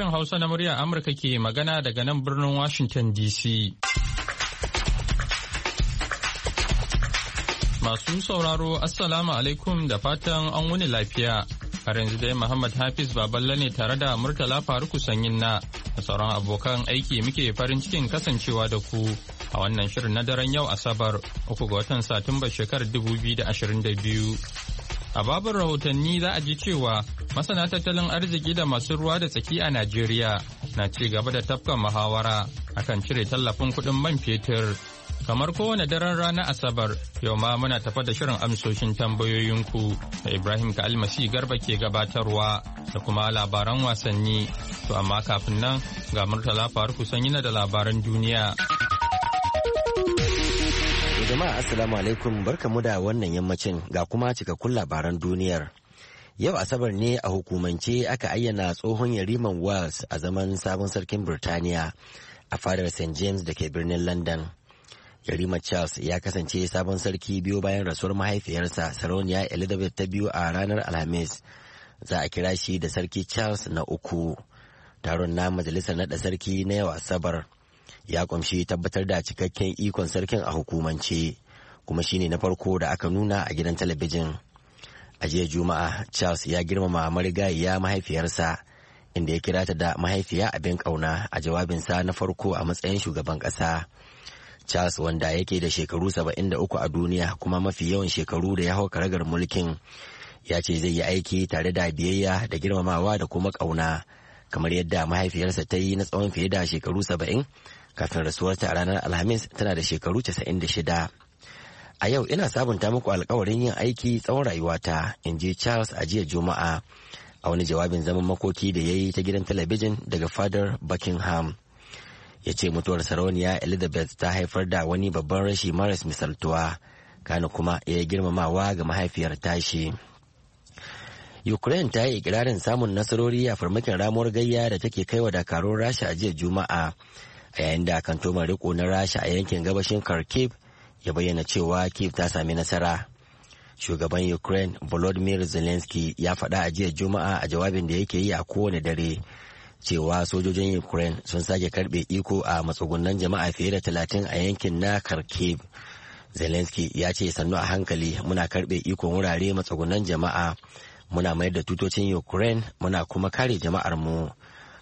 sashen Hausa na murya Amurka ke magana daga nan birnin Washington DC. Masu sauraro Assalamu alaikum da fatan an wuni lafiya. Har yanzu dai Muhammad Hafiz Baballe ne tare da Murtala Faruku Sanyin na a sauran abokan aiki muke farin cikin kasancewa da ku a wannan shirin na daren yau Asabar uku ga watan Satumba shekarar 2022. A babin rahotanni za a ji cewa masana tattalin arziki da masu ruwa da tsaki a Najeriya na ci gaba da tafkan muhawara kan cire tallafin kuɗin man fetur. Kamar kowane daren ranar Asabar, yau ma muna tafa da shirin amsoshin tambayoyinku da Ibrahim ka almasi garba ke gabatarwa da kuma labaran wasanni. To amma kafin nan ga Murtala Faruku yi na da labaran duniya. jama'a assalamu alaikum barkamu da wannan yammacin ga kuma cikakkun labaran duniyar. Yau Asabar ne a hukumance aka ayyana tsohon yariman Wales a zaman sabon sarkin Birtaniya a fadar St. James da ke birnin London. Yarima Charles ya kasance sabon sarki biyu bayan rasuwar mahaifiyarsa Sarauniya Elizabeth ta biyu a ranar Alhamis. Za a kira shi da Sarki Charles na uku. Taron na majalisar naɗa sarki na yau Asabar. ya ƙunshi tabbatar da cikakken ikon sarkin a hukumance kuma shine na farko da aka nuna a gidan talabijin a jiya juma'a charles ya girmama marigayiya mahaifiyarsa inda ya kira ta da mahaifiya abin ƙauna a jawabinsa na farko a matsayin shugaban ƙasa charles wanda yake da shekaru 73 a duniya kuma mafi yawan shekaru da ya hau karagar mulkin ya ce zai yi aiki tare da biyayya da girmamawa da kuma ƙauna kamar yadda mahaifiyarsa ta yi na tsawon fiye da shekaru 70 kafin rasuwarta a ranar alhamis tana da shekaru 96 a yau ina sabunta muku alkawarin yin aiki tsawon rayuwata in ji charles a jiya juma'a a wani jawabin zaman makoki da ya yi ta gidan talabijin daga fadar buckingham ya ce mutuwar sarauniya elizabeth ta haifar da wani babban rashi maras misaltuwa kana kuma ya yi girmamawa ga mahaifiyar tashi ukraine ta yi ikirarin samun nasarori a farmakin ramuwar gayya da take kaiwa dakarun rasha a jiya juma'a a yayin da kantoman riko na rasha a yankin gabashin kharkiv ya bayyana cewa kiev ta sami nasara shugaban ukraine volodymyr zelensky ya faɗa a jiya juma'a a jawabin da yake yi a kowane dare cewa sojojin ukraine sun sake karbe iko a matsugunan jama'a fiye da talatin a yankin na kharkiv zelensky ya ce sannu a hankali muna karbe ikon wurare matsugunan jama'a muna mayar da tutocin ukraine muna kuma kare jama'ar mu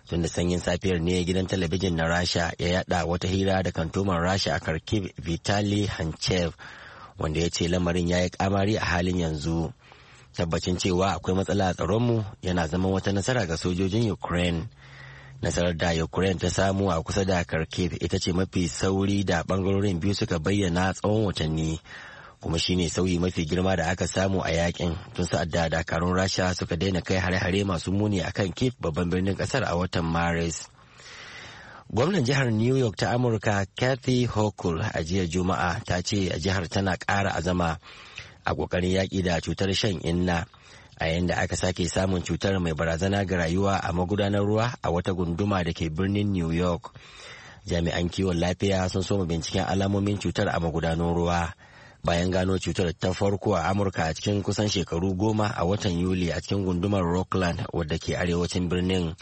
tunda sanyin safiyar ne gidan talabijin na rasha ya yada wata hira da kantoman rasha a kharkiv vitali hanchev wanda ya ce lamarin ya yi kamari a halin yanzu tabbacin cewa akwai matsala a tsaronmu yana zama wata nasara ga sojojin ukraine nasarar da ukraine ta samu a kusa da kharkiv ita ce mafi sauri da bangarorin biyu suka bayyana tsawon watanni kuma shine sauyi mafi girma da aka samu a yakin tun sa'ad da dakarun rasha suka daina kai hare-hare masu muni a kan kif babban birnin kasar a watan maris gwamnan jihar new york ta amurka kathy hokul a jiya juma'a ta ce a jihar tana ƙara azama a ƙoƙarin yaki da cutar shan inna a yayin da aka sake samun cutar mai barazana ga rayuwa a magudanar ruwa a wata gunduma da ke birnin new york jami'an kiwon lafiya sun soma binciken alamomin cutar a magudanar ruwa bayan gano cutar ta farko a amurka a cikin kusan shekaru goma a watan yuli a cikin gundumar rockland wadda ke arewacin birnin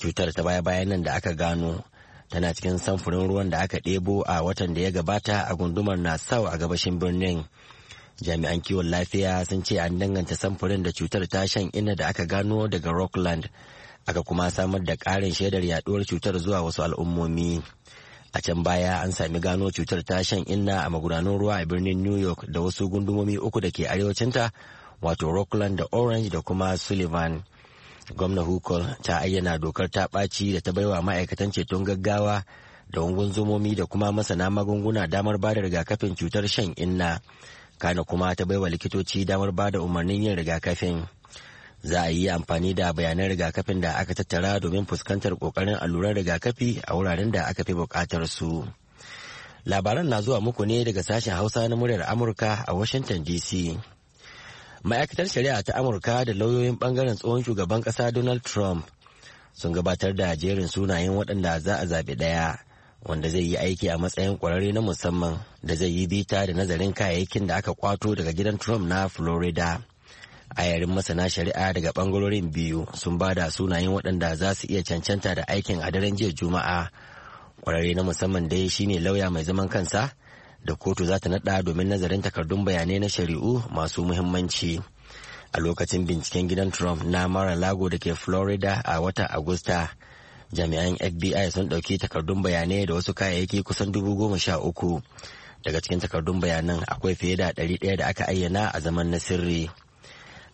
cutar ta baya bayan nan da aka gano tana cikin samfurin ruwan da aka ɗebo a watan da ya gabata a gundumar nassau a gabashin birnin jami'an kiwon lafiya sun ce an danganta samfurin da cutar ta shan ina da aka gano daga rockland aka kuma samar da ƙarin shaidar yaduwar cutar zuwa wasu al'ummomi. a can baya an sami gano cutar ta shan inna a magudanan ruwa a birnin new york da wasu gundumomi uku da ke arewacinta wato rockland da orange da kuma sullivan gwamna hukul ta ayyana dokar ta ɓaci da ta baiwa ma'aikatan ceton gaggawa da ungunzomomi da kuma masana magunguna damar ba da rigakafin cutar shan inna kana kuma ta baiwa likitoci damar ba da umarnin yin rigakafin za a yi amfani da bayanan rigakafin da aka tattara domin fuskantar kokarin alluran rigakafi a wuraren da aka fi bukatar su labaran na zuwa muku ne daga sashen hausa na muryar amurka a washington dc ma'aikatar shari'a ta amurka da lauyoyin bangaren tsohon shugaban kasa donald trump sun gabatar da jerin sunayen waɗanda za a zaɓi ɗaya wanda zai yi aiki a matsayin ƙwararre na musamman da zai yi bita da nazarin kayayyakin da aka kwato daga gidan trump na florida a yarin masana shari'a daga bangarorin biyu sun ba da sunayen waɗanda za su iya cancanta da aikin a daren jiya juma'a ƙwararre na musamman dai shine lauya mai zaman kansa da kotu za ta naɗa domin nazarin takardun bayanai na shari'u masu muhimmanci a lokacin binciken gidan trump na mara lago da ke florida a watan agusta jami'an fbi sun ɗauki takardun bayanai da wasu kayayyaki kusan dubu goma sha uku daga cikin takardun bayanan akwai fiye da ɗari ɗaya da aka ayyana a zaman na sirri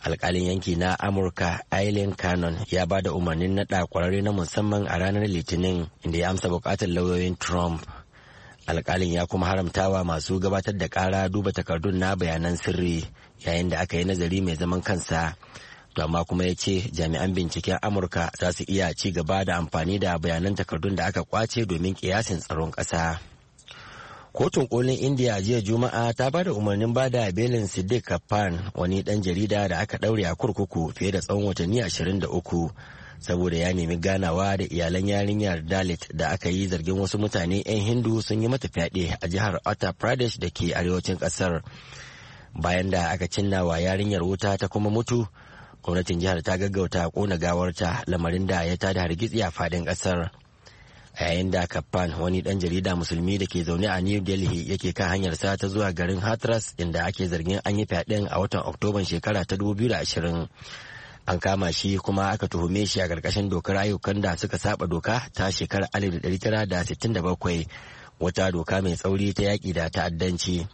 alkalin yanki na amurka aileen cannon ya ba da umarnin naɗa kwararre na musamman a ranar litinin inda ya amsa bukatar lauyoyin trump alkalin ya kuma haramtawa masu gabatar da ƙara duba takardun na bayanan sirri yayin da aka yi nazari mai zaman kansa to amma kuma ya ce jami'an binciken amurka za su iya ci gaba da amfani da bayanan takardun da aka kwace domin kiyasin tsaron ƙasa. Kotun kolin India jiya Juma'a ta bada umarnin bada belin Siddiq Kafan wani dan jarida da aka daure a kurkuku fiye da tsawon watanni ashirin da uku saboda ya nemi ganawa da iyalan yarinyar Dalit da aka yi zargin wasu mutane 'yan Hindu sun yi mata fyaɗe a jihar Uttar Pradesh da ke arewacin ƙasar. Bayan da aka cinna wa yarinyar wuta ta kuma mutu, gwamnatin jihar ta gaggauta kona gawarta lamarin da ya tada hargitsi a faɗin ƙasar. a yayin da kafan wani dan jarida musulmi da ke zaune a new delhi yake kan hanyarsa ta zuwa garin hatras inda ake zargin an yi fyaɗen a watan oktoban shekara ta 2020 an kama shi kuma aka tuhume shi a ƙarƙashin dokar ayyukan da suka saba doka ta shekarar 1967 wata doka mai tsauri ta yaƙi da ta'addanci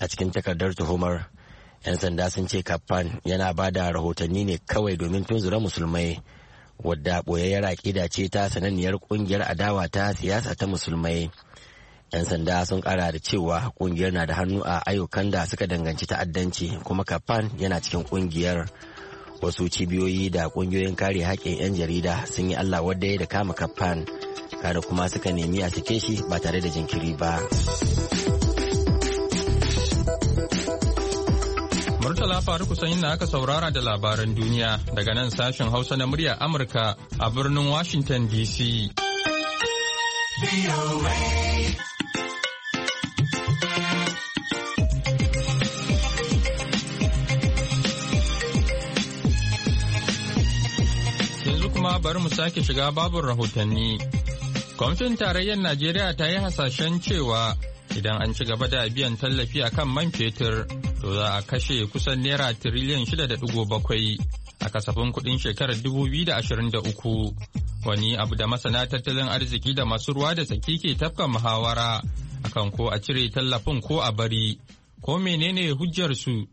a cikin takardar tuhumar 'yan sanda sun ce kafan yana bada rahotanni ne kawai domin tunzura musulmai wadda ɓoyayyar aƙida ce ta sananniyar ƙungiyar adawa ta siyasa ta musulmai. 'Yan sanda sun kara da cewa ƙungiyar na da hannu a ayyukan da suka danganci ta'addanci kuma kafan yana cikin ƙungiyar. Wasu cibiyoyi da ƙungiyoyin kare haƙƙin 'yan jarida sun yi Allah wadda da kama kafan, kada kuma suka nemi a sake shi ba tare da jinkiri ba. Murtala Faruku sanyin na aka saurara da labaran duniya daga nan sashen Hausa na murya Amurka a birnin Washington DC. Yanzu kuma bari mu sake shiga babin rahotanni. Kwamfin tarayyar Najeriya ta yi hasashen cewa idan an ci gaba da biyan tallafi a kan man fetur. to za a kashe kusan naira tiriliyan 6.7 a kasafin kudin shekarar 2023 wani abu da masana tattalin arziki da masu ruwa da tsaki ke tafka muhawara akan ko a cire tallafin ko a bari ko menene hujjarsu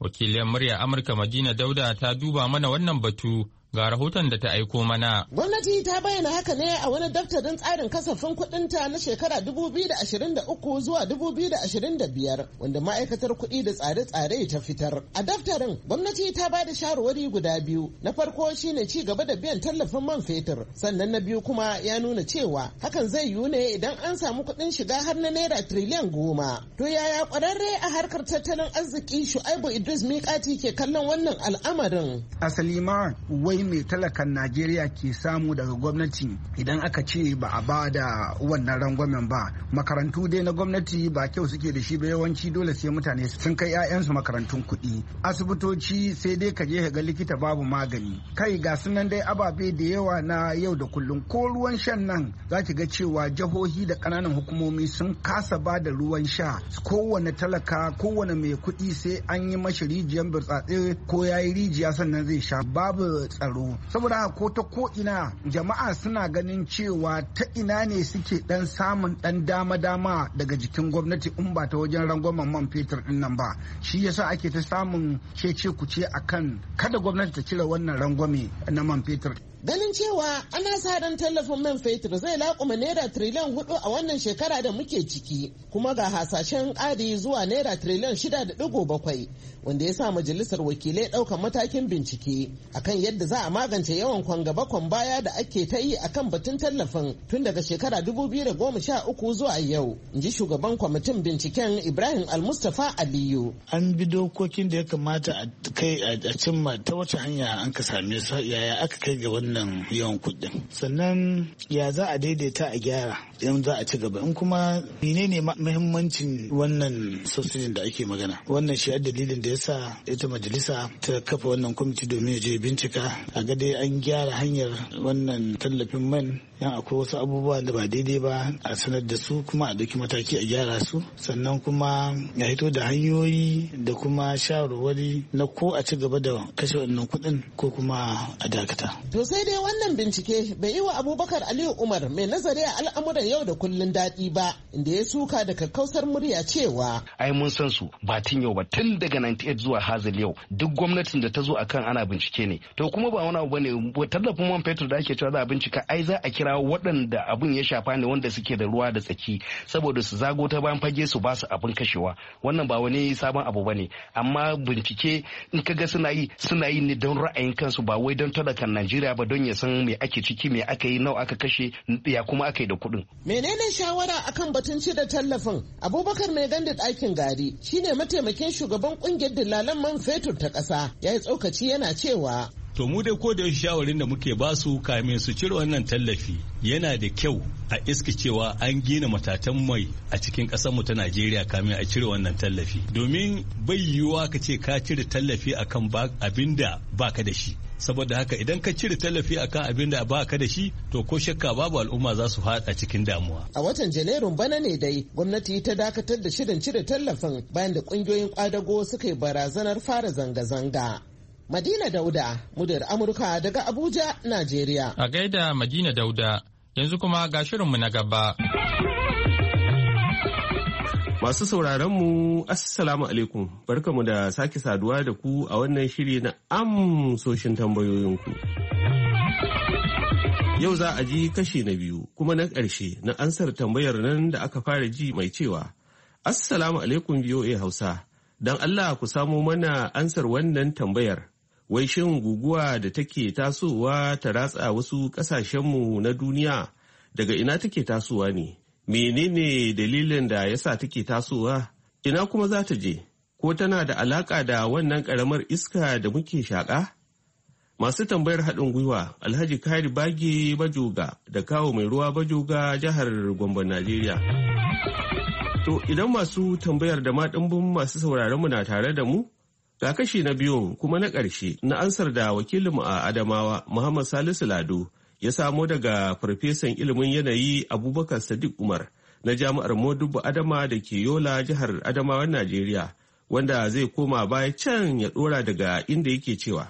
wakilin murya amurka madina dauda ta duba mana wannan batu Ga rahoton da ta aiko mana. Gwamnati ta bayyana haka ne a wani daftarin tsarin kasafin ta na shekara 2023 zuwa 2025 wanda ma'aikatar kuɗi da tsare-tsare ta fitar. A daftarin gwamnati ta ba da shawarwari guda biyu. Na farko shine ci gaba da biyan tallafin man fetur, sannan na biyu kuma ya nuna cewa hakan zai yiwu ne idan an samu kuɗin shiga har na naira tiriliyan goma. To yaya kwararre a harkar tattalin arziki Shu'aibu Idris Mikati ke kallon wannan al'amarin? Asali ma wai mai talakan najeriya ke samu daga gwamnati idan aka ce ba a ba da wannan rangwamen ba makarantu dai na gwamnati ba kyau suke da shi ba yawanci dole sai mutane sun kai 'ya'yansu makarantun kuɗi asibitoci sai dai ka je ga likita babu magani kai ga sunan dai ababe da yawa na yau da kullum ko ruwan shan nan za ki ga cewa jihohi da ƙananan hukumomi sun kasa ba da ruwan sha kowane talaka kowane mai kuɗi sai an yi mashi rijiyar burtsatse ko ya yi rijiya sannan zai sha babu tsaro tsaro saboda ko ta ko ina jama'a suna ganin cewa ta ina ne suke dan samun dan dama-dama daga jikin gwamnati in ba ta wajen rangwamen man fetur din nan ba shi yasa ake ta samun cece kuce akan kada gwamnati ta cire wannan rangwame na man fetur Ganin cewa ana sa ran tallafin man fetur zai laƙuma naira triliyan hudu a wannan shekara da muke ciki kuma ga hasashen ƙari zuwa naira triliyan shida da digo bakwai wanda ya sa majalisar wakilai ɗaukar matakin bincike akan yadda za a magance yawan kwangaba baya da ake ta yi akan batun tallafin tun daga shekara dubu biyu da goma sha uku zuwa yau in ji shugaban kwamitin binciken ibrahim almustapha aliyu. an bi dokokin da ya kamata a kai a cimma ta wace hanya an ka same su yaya aka kai ga wani wannan yawan kuɗin sannan ya za a daidaita a gyara idan za a ci gaba in kuma menene mahimmancin wannan sosijin da ake magana wannan shi dalilin da yasa ita majalisa ta kafa wannan kwamiti domin ya je bincika a ga dai an gyara hanyar wannan tallafin man yan akwai wasu abubuwa da ba daidai ba a sanar da su kuma a ɗauki mataki a gyara su sannan kuma ya hito da hanyoyi da kuma shawarwari na ko a ci gaba da kashe wannan kuɗin ko kuma a dakata. sai dai wannan bincike bai yi wa abubakar aliyu umar mai nazari a al'amuran yau da kullun daɗi ba inda ya suka da kakkausar murya cewa ai mun san su ba tun yau ba tun daga 98 zuwa hazil yau duk gwamnatin da ta zo akan ana bincike ne to kuma ba wani abu bane tallafin man fetur da ake cewa za a bincika ai za a kira waɗanda abin ya shafa ne wanda suke da ruwa da tsaki saboda su zago ta bayan fage su ba su abin kashewa wannan ba wani sabon abu bane amma bincike in kaga suna yi suna yi ne don ra'ayin kansu ba wai don talakan Najeriya ba don ya san me ake ciki me aka yi nawa aka kashe ya kuma aka yi da kuɗin. menene shawara akan batun da tallafin abubakar mai ganda ɗakin gari shine mataimakin shugaban kungiyar dillalan man fetur ta ƙasa ya yi tsokaci yana cewa to mu dai ko da yau shawarin da muke ba su kamin su cire wannan tallafi yana da kyau a iska cewa an gina matatan mai a cikin mu ta najeriya kamin a cire wannan tallafi domin bai yiwuwa ka ce ka cire tallafi akan abin da baka da shi saboda haka idan ka cire tallafi akan abinda da ba da shi to ko shakka babu al'umma za su haɗa cikin damuwa. A watan Janairun bana ne dai gwamnati ta dakatar da shirin cire tallafin bayan da ƙungiyoyin ƙwadago suka yi barazanar fara zanga-zanga. Madina Dauda, muryar Amurka daga Abuja, Najeriya. A gaida Madina Dauda, yanzu kuma ga shirinmu na gaba. Masu sauraronmu, Assalamu alaikum, barkamu da sake saduwa da ku a wannan shiri na amsoshin tambayoyinku. Yau za a ji kashi na biyu kuma na ƙarshe na ansar tambayar nan da aka fara ji mai cewa, Assalamu alaikum VOA Hausa, don Allah ku samo mana ansar wannan tambayar wai shin guguwa da take tasowa ta ratsa wasu ƙasashenmu na duniya daga ina take tasowa ne menene dalilin da ya sa take tasowa ina kuma za ta je ko tana da alaƙa da wannan ƙaramar iska da muke shaƙa masu tambayar haɗin gwiwa alhaji kari bage bajoga da kawo mai ruwa bajoga jihar Gombo najeriya to idan masu tambayar da ma masu sauraron mu na tare da mu Ga kashi na biyu kuma na ƙarshe na ansar da wakilinmu a Adamawa Muhammad Salisu Lado ya samo daga farfesan ilimin yanayi Abubakar Sadiq Umar na jami'ar modubu Adama da ke Yola jihar Adamawa Najeriya wanda zai koma baya can ya ɗora daga inda yake cewa.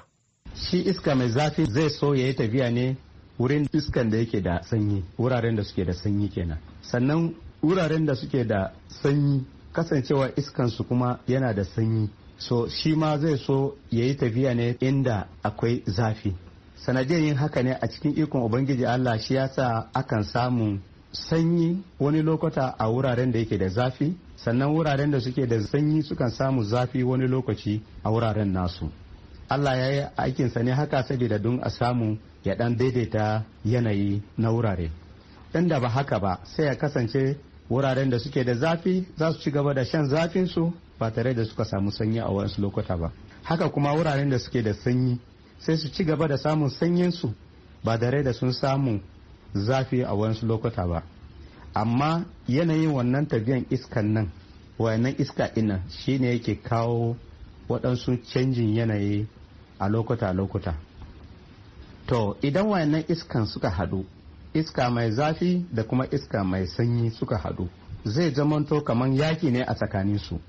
Shi iska mai zafi zai so ya yi tafiya ne wurin iskan da yake da sanyi wuraren da suke da sanyi kenan sannan wuraren da suke da sanyi kasancewa iskansu kuma yana da sanyi so shi ma zai so ya yi tafiya ne inda akwai zafi sanadiyar yin haka ne a cikin ikon ubangiji allah shi ya yasa akan samu sanyi wani lokata a wuraren da yake da zafi sannan wuraren da suke da sanyi sukan samu zafi wani lokaci a wuraren nasu allah ya yi aikinsa ne haka saboda don a samu ya dan daidaita yanayi na wurare inda ba haka ba sai ya kasance wuraren da suke da zafi za su ci gaba da shan zafinsu ba tare da suka samu sanyi a wasu lokuta ba haka kuma wuraren da suke da sanyi sai su ci gaba da samun sanyinsu ba tare da sun samu zafi a wasu lokuta ba amma yanayin wannan tafiyan iskan nan wayannan iska ina shine yake kawo waɗansu canjin yanayi a lokuta-lokuta to idan wayannan iskan suka haɗu iska mai zafi da kuma iska mai sanyi suka haɗu zai zamanto kamar yaki ne a tsakaninsu su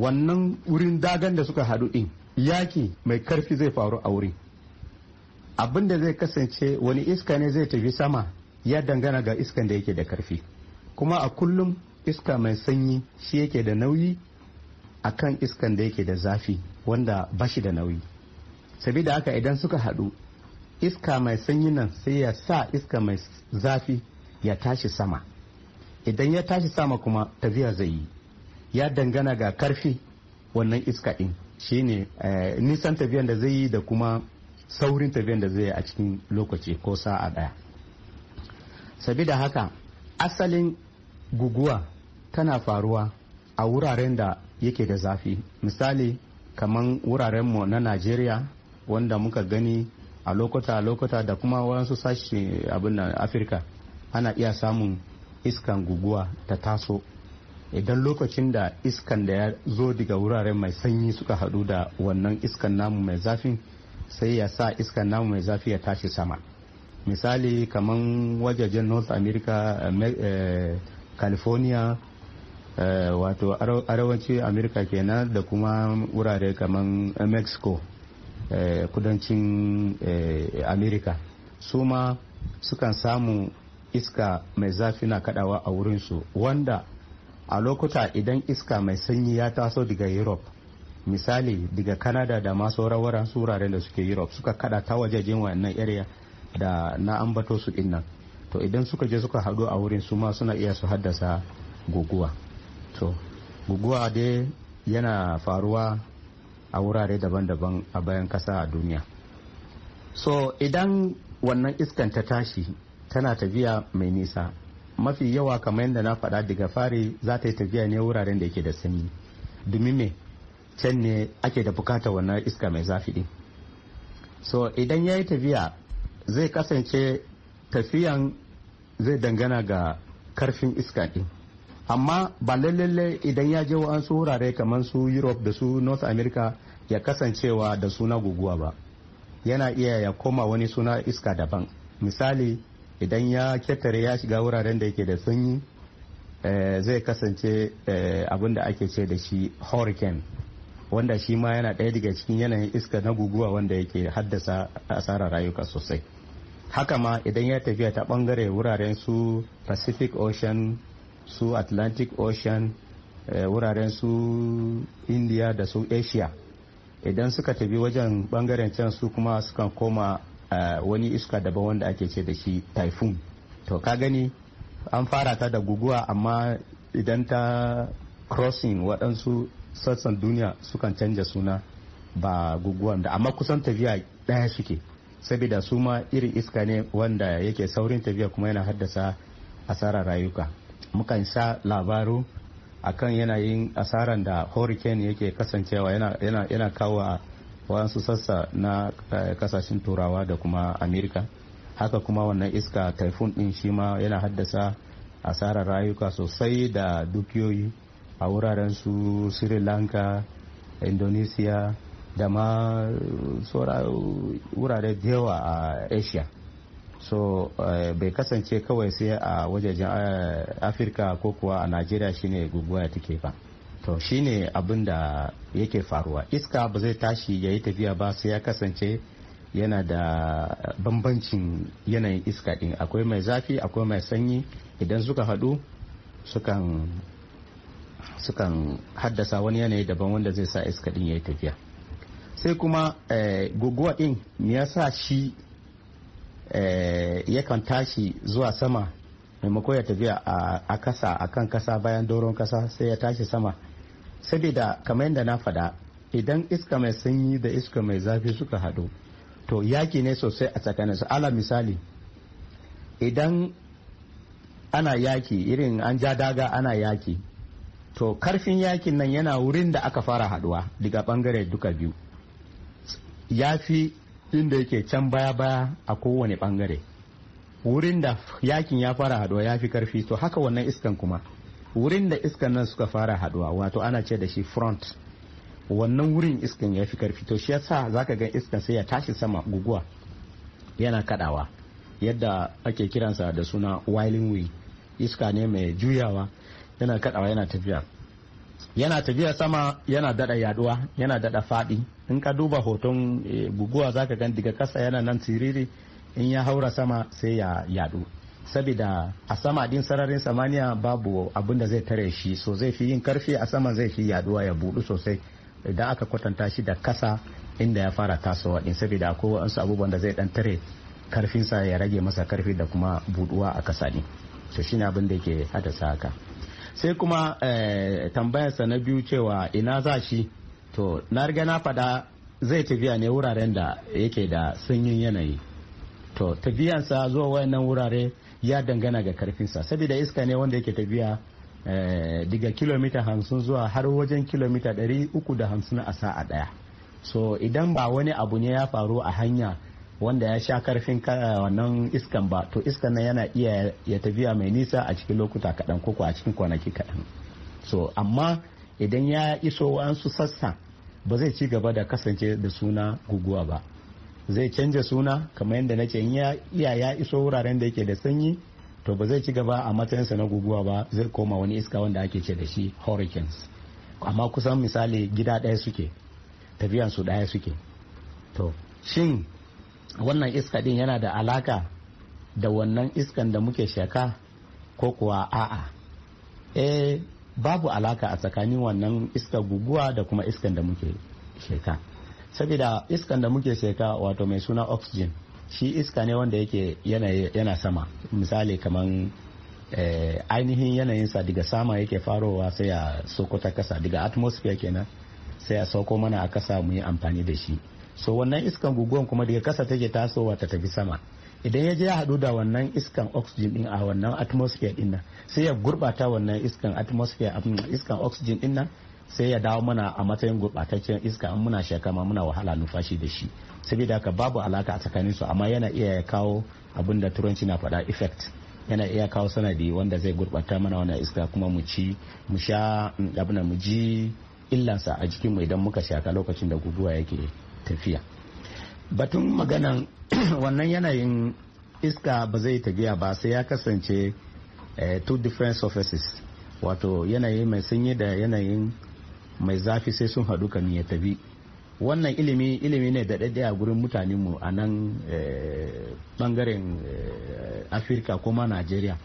wannan wurin dagan da suka haɗu ɗin yaki mai karfi zai faru a wuri abin da zai kasance wani iska ne zai tafi sama ya dangana ga iskan da yake da karfi kuma a kullum iska mai sanyi shi yake da nauyi a kan iskan da yake da zafi wanda bashi da nauyi sabida haka idan suka haɗu iska mai sanyi nan sai ya sa iska mai zafi ya tashi sama idan ya tashi sama kuma tafiya zai yi ya dangana ga karfi wannan iska ɗin ne eh, nisan tafiyan da zai yi da kuma saurin tafiyan da zai yi a cikin lokaci ko sa'a ɗaya sabida haka asalin guguwa tana faruwa a wuraren da yake da zafi misali kamar mu na najeriya wanda muka gani a lokuta lokuta da kuma wasu sashi abin afirka ana iya samun iskan guguwa ta taso idan lokacin da iskan da ya zo daga wuraren mai sanyi suka hadu da wannan iskan namu mai zafi sai ya sa iskan namu mai zafi ya tashi sama misali kamar wajajen north america eh, eh california eh, wato arewaci america kenan da kuma wurare kamar eh, mexico kudancin america su ma sukan samu iska mai zafi na kadawa a wurinsu wanda a lokuta idan iska mai sanyi ya taso daga europe misali daga canada da masu rawaran wurare da suke europe suka kada ta wajajen wannan area da na ambato su dinnan to idan suka je suka hadu a wurin su ma suna iya su haddasa guguwa to guguwa dai yana faruwa a wurare daban-daban a bayan kasa a duniya so idan wannan iskan ta tashi tana tafiya mai nisa mafi yawa kamar yadda na faɗa daga fari za ta yi tafiya ne wuraren da yake da sanyi domin me can ne ake da bukatar wannan iska mai zafi din so idan ya yi tafiya zai kasance tafiyan zai dangana ga karfin iska din amma ba lalle idan ya je wa'ansu wurare kamar su europe da su north america ya kasancewa da suna guguwa ba yana iya ya koma wani suna iska daban misali idan ya ketare ya shiga wuraren da yake da sanyi eh, zai kasance eh, abin da ake ce da shi hurricane wanda shi ma yana ɗaya daga cikin yanayin iska na guguwa wanda yake haddasa asarar rayuka sosai haka ma idan ya tafiya ta bangare wuraren su pacific ocean su atlantic ocean eh, wuraren su india da su asia idan suka tafi wajen bangaren can su kuma sukan koma wani iska daban wanda ake ce da shi typhoon to ka gani an fara ta da guguwa amma idan ta crossing waɗansu sassan duniya sukan canja suna ba guguwan da amma kusan tafiya ɗaya suke saboda su ma irin iska ne wanda yake saurin tafiya kuma yana haddasa asarar rayuka mukan sha labaru akan yanayin asaran da hurricane yake kasancewa yana, kawo a. wasu sassa na kasashen eh, turawa da kuma amerika haka kuma wannan iska typhoon din shi ma yana haddasa asarar rayuka sosai da dukiyoyi a wuraren su sri lanka indonesia da ma eh, eh, wurare da yawa a asia so bai kasance kawai sai a wajajen afirka ko kuwa a najeriya shine guguwa ya take ba to shine abin da yake faruwa iska ba zai tashi ya yi tafiya ba sai ya kasance yana da bambancin yanayin iska din akwai mai zafi akwai mai sanyi idan suka haɗu sukan sukan haddasa wani yanayi daban wanda zai sa iska din ya yi tafiya sai kuma eh, guguwa din me yasa shi ya eh, yakan tashi zuwa sama maimako ya tafiya a kasa a kan kasa bayan doron kasa sai ya tashi sama saboda kamar yadda na faɗa idan iska mai sanyi da iska mai zafi suka haɗu to yaki ne sosai a tsakaninsu ala misali idan ana yaki irin an ja daga ana yaki to karfin yakin nan yana wurin da aka fara haduwa daga bangare duka biyu ya fi inda yake can baya-baya a kowane bangare wurin da yakin ya fara haduwa ya fi karfi to haka wannan iskan kuma wurin da iskan nan suka fara haduwa wato ana ce da shi front wannan wurin iskan ya fi karfi to shi za ka gan iskan sai ya tashi sama guguwa yana kadawa yadda ake kiransa da suna wiling wing iska ne mai juyawa yana kadawa yana tafiya yana tafiya sama yana dada yaduwa yana dada fadi in ka duba hoton eh, guguwa za ka gan daga kasa yana nan siriri in ya haura sama sai ya yadu saboda a sama din sararin samaniya babu abin da zai tare shi so zai fi yin karfi a sama zai fi yaduwa ya budu sosai da aka kwatanta shi da kasa inda ya fara tasowa din saboda akwai wasu abubuwan da zai dan tare karfinsa ya rage masa karfi da kuma buduwa a kasa ne to shine abin da yake haddasa haka sai kuma eh, tambayarsa na biyu cewa ina za shi to na riga na fada zai tafiya ne wuraren da yake da sanyin yanayi to tafiyansa zuwa wayannan wurare ya dangana ga karfinsa saboda iska ne wanda yake tafiya eh, daga kilomita hamsin zuwa har wajen kilomita ɗari uku da hamsin a sa'a ɗaya so idan ba wani abu ne ya faru a hanya wanda ya sha karfin eh, wannan iskan ba to iskan nan yana iya ya tafiya mai nisa a cikin lokuta kaɗan ko a cikin kwanaki kaɗan so amma idan ya iso wa'ansu sassa ba zai ci gaba da kasance da suna guguwa ba zai canza suna kamar yadda na ce iya ya iso wuraren da yake da sanyi to ba zai ci gaba a matsayinsa na guguwa ba zai koma wani iska wanda ake ce da shi hurricanes amma kusan misali gida ɗaya suke tafiyan su ɗaya suke to shin wannan iska din yana da alaka da wannan iskan da muke shaka ko kuwa a'a e babu alaka a tsakanin wannan iska guguwa da kuma iskan da muke sheka saboda iskan da muke seka wato mai suna oxygen shi iska ne wanda yake yana sama misali kamar eh, ainihin yanayinsa daga sama yake farowa sai a soko ta kasa daga atmosphere kenan sai a sauko mana a kasa mu yi amfani da shi so wannan iskan guguwan kuma daga kasa take tasowa ta tafi sama idan ya je ya haɗu da wannan iskan oxygen din a wannan atmosphere din nan sai ya gurbata wannan iskan atmosphere mm, iskan oxygen din nan sai ya dawo mana a matsayin gurbataccen iska in muna shaka ma muna wahala numfashi da shi saboda haka babu alaka a tsakanin su amma yana iya kawo abin da turanci na faɗa effect yana iya kawo sanadi wanda zai gurbata mana wannan iska kuma mu ci mu sha abin mu ji illansa a jikin mu idan muka shaka lokacin da guguwa yake tafiya batun maganan wannan yanayin iska ba zai tafiya ba sai ya kasance eh, two different surfaces wato yanayi mai sanyi da yanayin mai zafi sai sun haɗu kan ya tafi wannan ilimi ilimi ne da a gurin mutanenmu a nan bangaren eh, eh, afirka kuma najeriya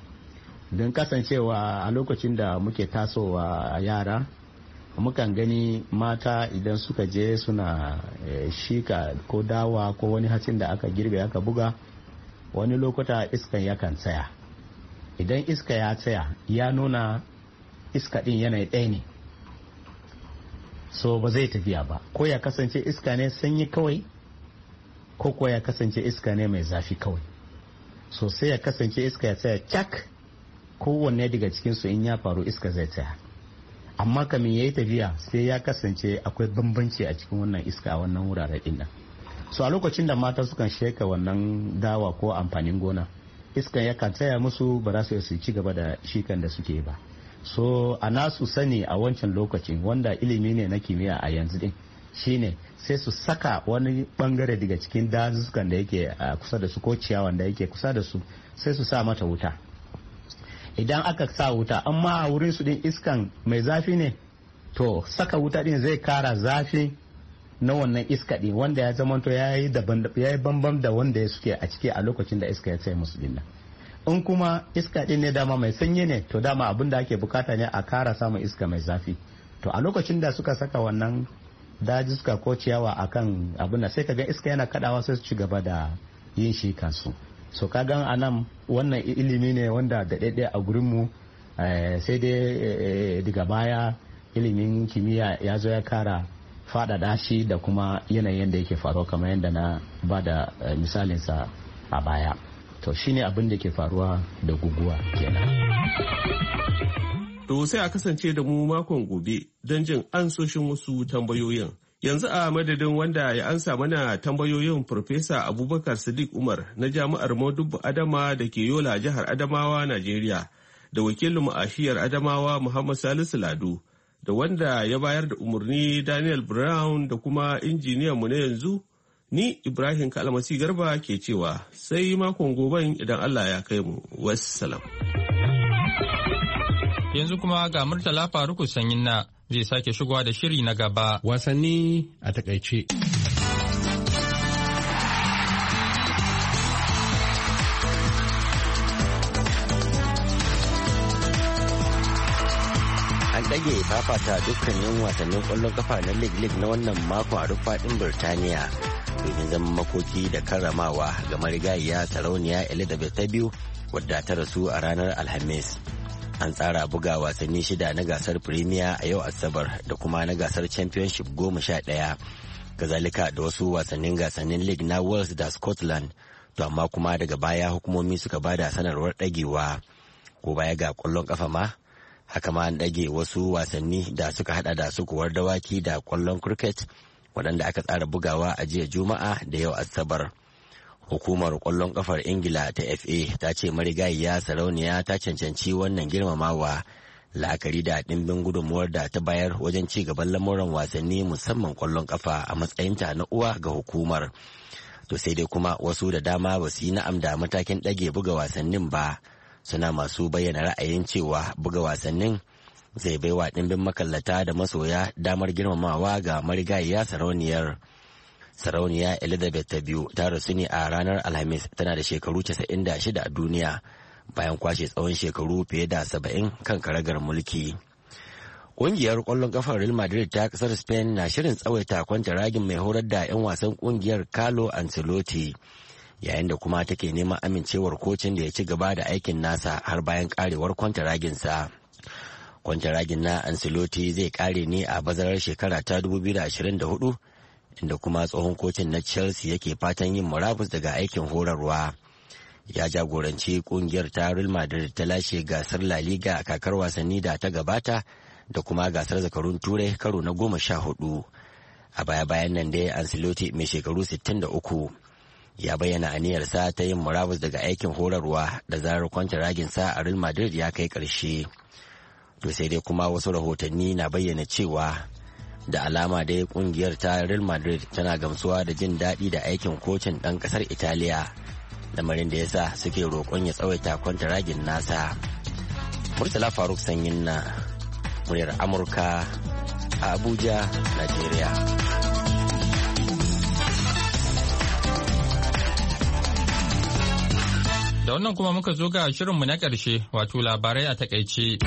don kasancewa a lokacin da muke tasowa a yara mukan gani mata idan suka je suna eh, shika ko dawa ko wani hatsin da aka girbe aka buga wani lokuta iskan yakan tsaya idan iska ya tsaya ya nuna iska din yanayi ɗaya ne so ba zai tafiya ba ko ya kasance iska ne sanyi kawai ko kuwa ya kasance iska ne mai zafi kawai so sai ya kasance iska ya tsaya cak kowanne daga cikin cikinsu in ya faru iska zai tsaya amma kamin ya yi tafiya sai ya kasance akwai bambanci a cikin wannan iska a wannan wurare dinnan so a lokacin da mata sukan sheka wannan dawa ko amfanin gona iska yakan tsaya musu ba za su ci gaba da shikan da suke ba so a nasu sani a wancan lokacin wanda ilimi ne na kimiyya a yanzu din shine sai su saka wani bangare daga cikin dazuzzukan da yake kusa da su ko ciyawan da yake kusa da su sai su sa mata wuta idan aka sa wuta amma a wurin su din iskan mai zafi ne to saka wuta din zai kara zafi na wannan iska din wanda ya zamanto ya yi bambam da wanda ya suke a ciki a lokacin da iska ya tsaye musu dinnan in kuma iska din ne dama mai sanyi ne to dama abin da ake bukata ne a kara samun iska mai zafi to a lokacin da suka saka wannan daji suka ko ciyawa akan abin da sai ga iska yana kadawa sai su ci gaba da yin shi kansu so a anan wannan ilimi ne wanda da daidai a gurin mu eh, sai dai eh, eh, daga baya ilimin kimiyya ya zo ya kara faɗaɗa shi da kuma yanayin da yake faruwa kamar yadda na ba da misalinsa a baya. to shine abin da ke faruwa da guguwa kenan to sai a kasance da mu makon gobe don jin ansoshin wasu tambayoyin yanzu a madadin wanda ya ansa mana tambayoyin farfesa abubakar sadiq umar na jami'ar modubu adama da ke yola jihar adamawa najeriya da wakilin ashiyar adamawa muhammad salisu lado da wanda ya bayar da umarni daniel brown da kuma injiniyan mu na yanzu Ni Ibrahim Kalmasi Garba ke cewa sai makon goben idan Allah ya kai mu. Wassalam. Yanzu kuma ga Murtala Faruku Sanyin na zai sake shigowa da shiri na gaba. Wasanni a takaice. An ɗage fafata dukkanin wasannin ƙwallon kafa na lig-lig na wannan mako a rufaɗin Birtaniya. domin zaman makoki da karramawa ga marigayiya sarauniya elizabeth ta biyu wadda ta rasu a ranar alhamis an tsara buga wasanni shida na gasar premier a yau asabar da kuma na gasar championship goma sha ɗaya gazalika da wasu wasannin gasannin league na wales da scotland to amma kuma daga baya hukumomi suka ba da sanarwar dagewa ko baya ga kwallon kafa ma haka ma an dage wasu wasanni da suka hada da sukuwar dawaki da kwallon cricket waɗanda aka tsara bugawa a jiya juma'a da yau asabar hukumar ƙwallon ƙafar ingila ta fa ta ce marigayiya sarauniya ta cancanci wannan girmamawa la'akari da ɗimbin gudunmuwar da ta bayar wajen ci gaban lamuran wasanni musamman kwallon ƙafa a matsayinta na uwa ga hukumar to sai dai kuma wasu da dama ba su yi na'am da matakin ɗage buga wasannin ba suna masu bayyana ra'ayin cewa buga wasannin zai baiwa ɗimbin makallata da masoya damar girmamawa ga marigayiya sarauniyar. Sarauniya Elizabeth ta biyu ta rasu ne a ranar Alhamis tana da shekaru 96 a duniya bayan kwashe tsawon shekaru fiye da saba'in kan karagar mulki. Ƙungiyar ƙwallon ƙafar Real Madrid ta ƙasar Spain na shirin tsawaita kwanta ragin mai horar da 'yan wasan ƙungiyar Carlo Ancelotti yayin da kuma take neman amincewar kocin da ya ci gaba da aikin nasa har bayan ƙarewar kwanta raginsa. ragin na ancelotti zai kare ne a bazarar shekara ta 2024 inda kuma tsohon kocin na chelsea yake fatan yin murabus daga aikin horarwa ya jagoranci kungiyar ta real madrid ta lashe gasar la liga a kakar wasanni da ta gabata da kuma gasar zakarun turai karo na goma sha hudu a baya-bayan nan dai ancelotti mai shekaru 63 ya bayyana aniyarsa ta yin murabus daga aikin horarwa da zarar ragin kwanta-ragin sa a real madrid ya kai ƙarshe. to sai dai kuma wasu rahotanni na bayyana cewa da alama dai kungiyar ta real madrid tana gamsuwa da jin daɗi da aikin kocin ɗan ƙasar italiya lamarin da ya sa suke roƙon ya tsawaita ragin nasa murtala faruk sanyin na muryar amurka a abuja nigeria da wannan kuma muka zo ga shirinmu na ƙarshe wato labarai a takaice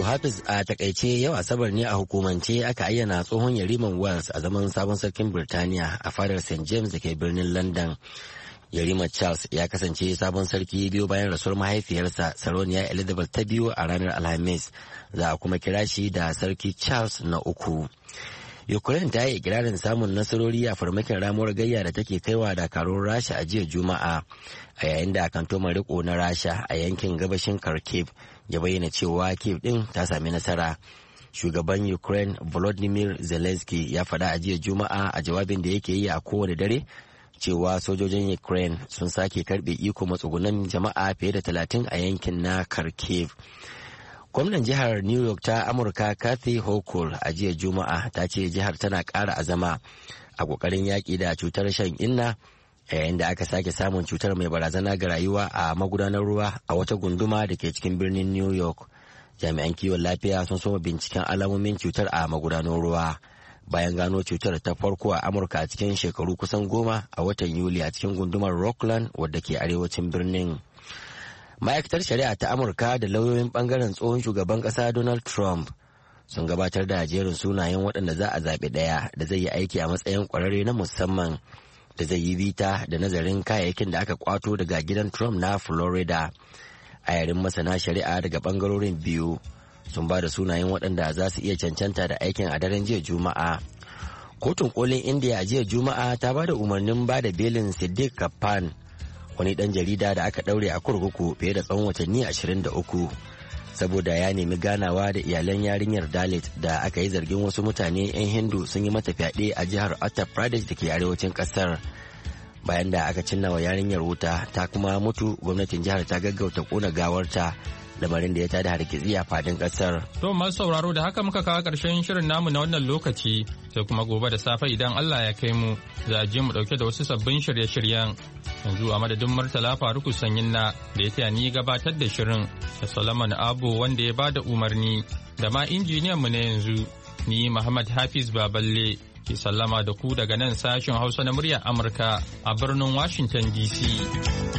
wato Hafiz a takaice yau Asabar ne a hukumance aka ayyana tsohon Yariman Wales a zaman sabon sarkin Birtaniya a fadar St James da ke birnin London. Yarima Charles ya kasance sabon sarki biyu bayan rasuwar mahaifiyarsa Saroniya Elizabeth ta biyu a ranar Alhamis za a kuma kira shi da Sarki Charles na uku. ukraine ta yi ikirarin samun nasarori a farmakin ramuwar gayya da take kaiwa dakarun rasha a jiya juma'a a yayin da kanto riko na rasha a yankin gabashin kharkiv ya bayyana cewa kiev din ta sami nasara shugaban ukraine volodymyr zelensky ya faɗa a jiya juma'a a jawabin da yake yi a kowane dare cewa sojojin ukraine sun sake karbe iko matsugunan jama'a fiye da talatin a yankin na kharkiv Gwamnan jihar New York ta Amurka Kathy Hochul a jiya Juma'a ta ce jihar tana ƙara azama a ƙoƙarin yaƙi da cutar shan inna yayin da aka sake samun cutar mai barazana ga rayuwa a magudanar ruwa a wata gunduma da ke cikin birnin New York. Jami'an kiwon lafiya sun soma binciken alamomin cutar a magudanar ruwa bayan gano cutar ta farko a Amurka a cikin shekaru kusan goma a watan Yuli a cikin gundumar Rockland wadda ke arewacin birnin. ma'aikatar shari'a ta amurka da lauyoyin bangaren tsohon shugaban kasa donald trump sun gabatar da jerin sunayen waɗanda za a zaɓi ɗaya da zai yi aiki a matsayin ƙwararre na musamman da zai yi bita da nazarin kayayyakin da aka kwato daga gidan trump na florida a yarin masana shari'a daga bangarorin biyu sun ba da sunayen waɗanda za su iya cancanta da aikin a daren jiya juma'a kotun kolin india jiya juma'a ta ba da umarnin ba da belin siddiq kafan wani dan jarida da aka daure a kurkuku fiye da tsawon watanni 23 saboda ya nemi ganawa da iyalan yarinyar dalit da aka yi zargin wasu mutane 'yan hindu sun yi mata fyaɗe a jihar uttar pradesh da ke arewacin ƙasar bayan da aka cinna wa yarinyar wuta ta kuma mutu gwamnatin jihar ta gaggauta kona gawarta lamarin da ya tada hargitsi a fadin kasar. To masu sauraro da haka muka kawo ƙarshen shirin namu na wannan lokaci sai kuma gobe da safe idan Allah ya kai mu za a je mu ɗauke da wasu sabbin shirye-shiryen. Yanzu a madadin Murtala Faruku Sanyin na da ya taya ni gabatar da shirin da Solomon Abu wanda ya bada umarni da ma injiniyan mu na yanzu ni Muhammad Hafiz Baballe ke sallama da ku daga nan sashen Hausa na muryar Amurka a birnin Washington DC.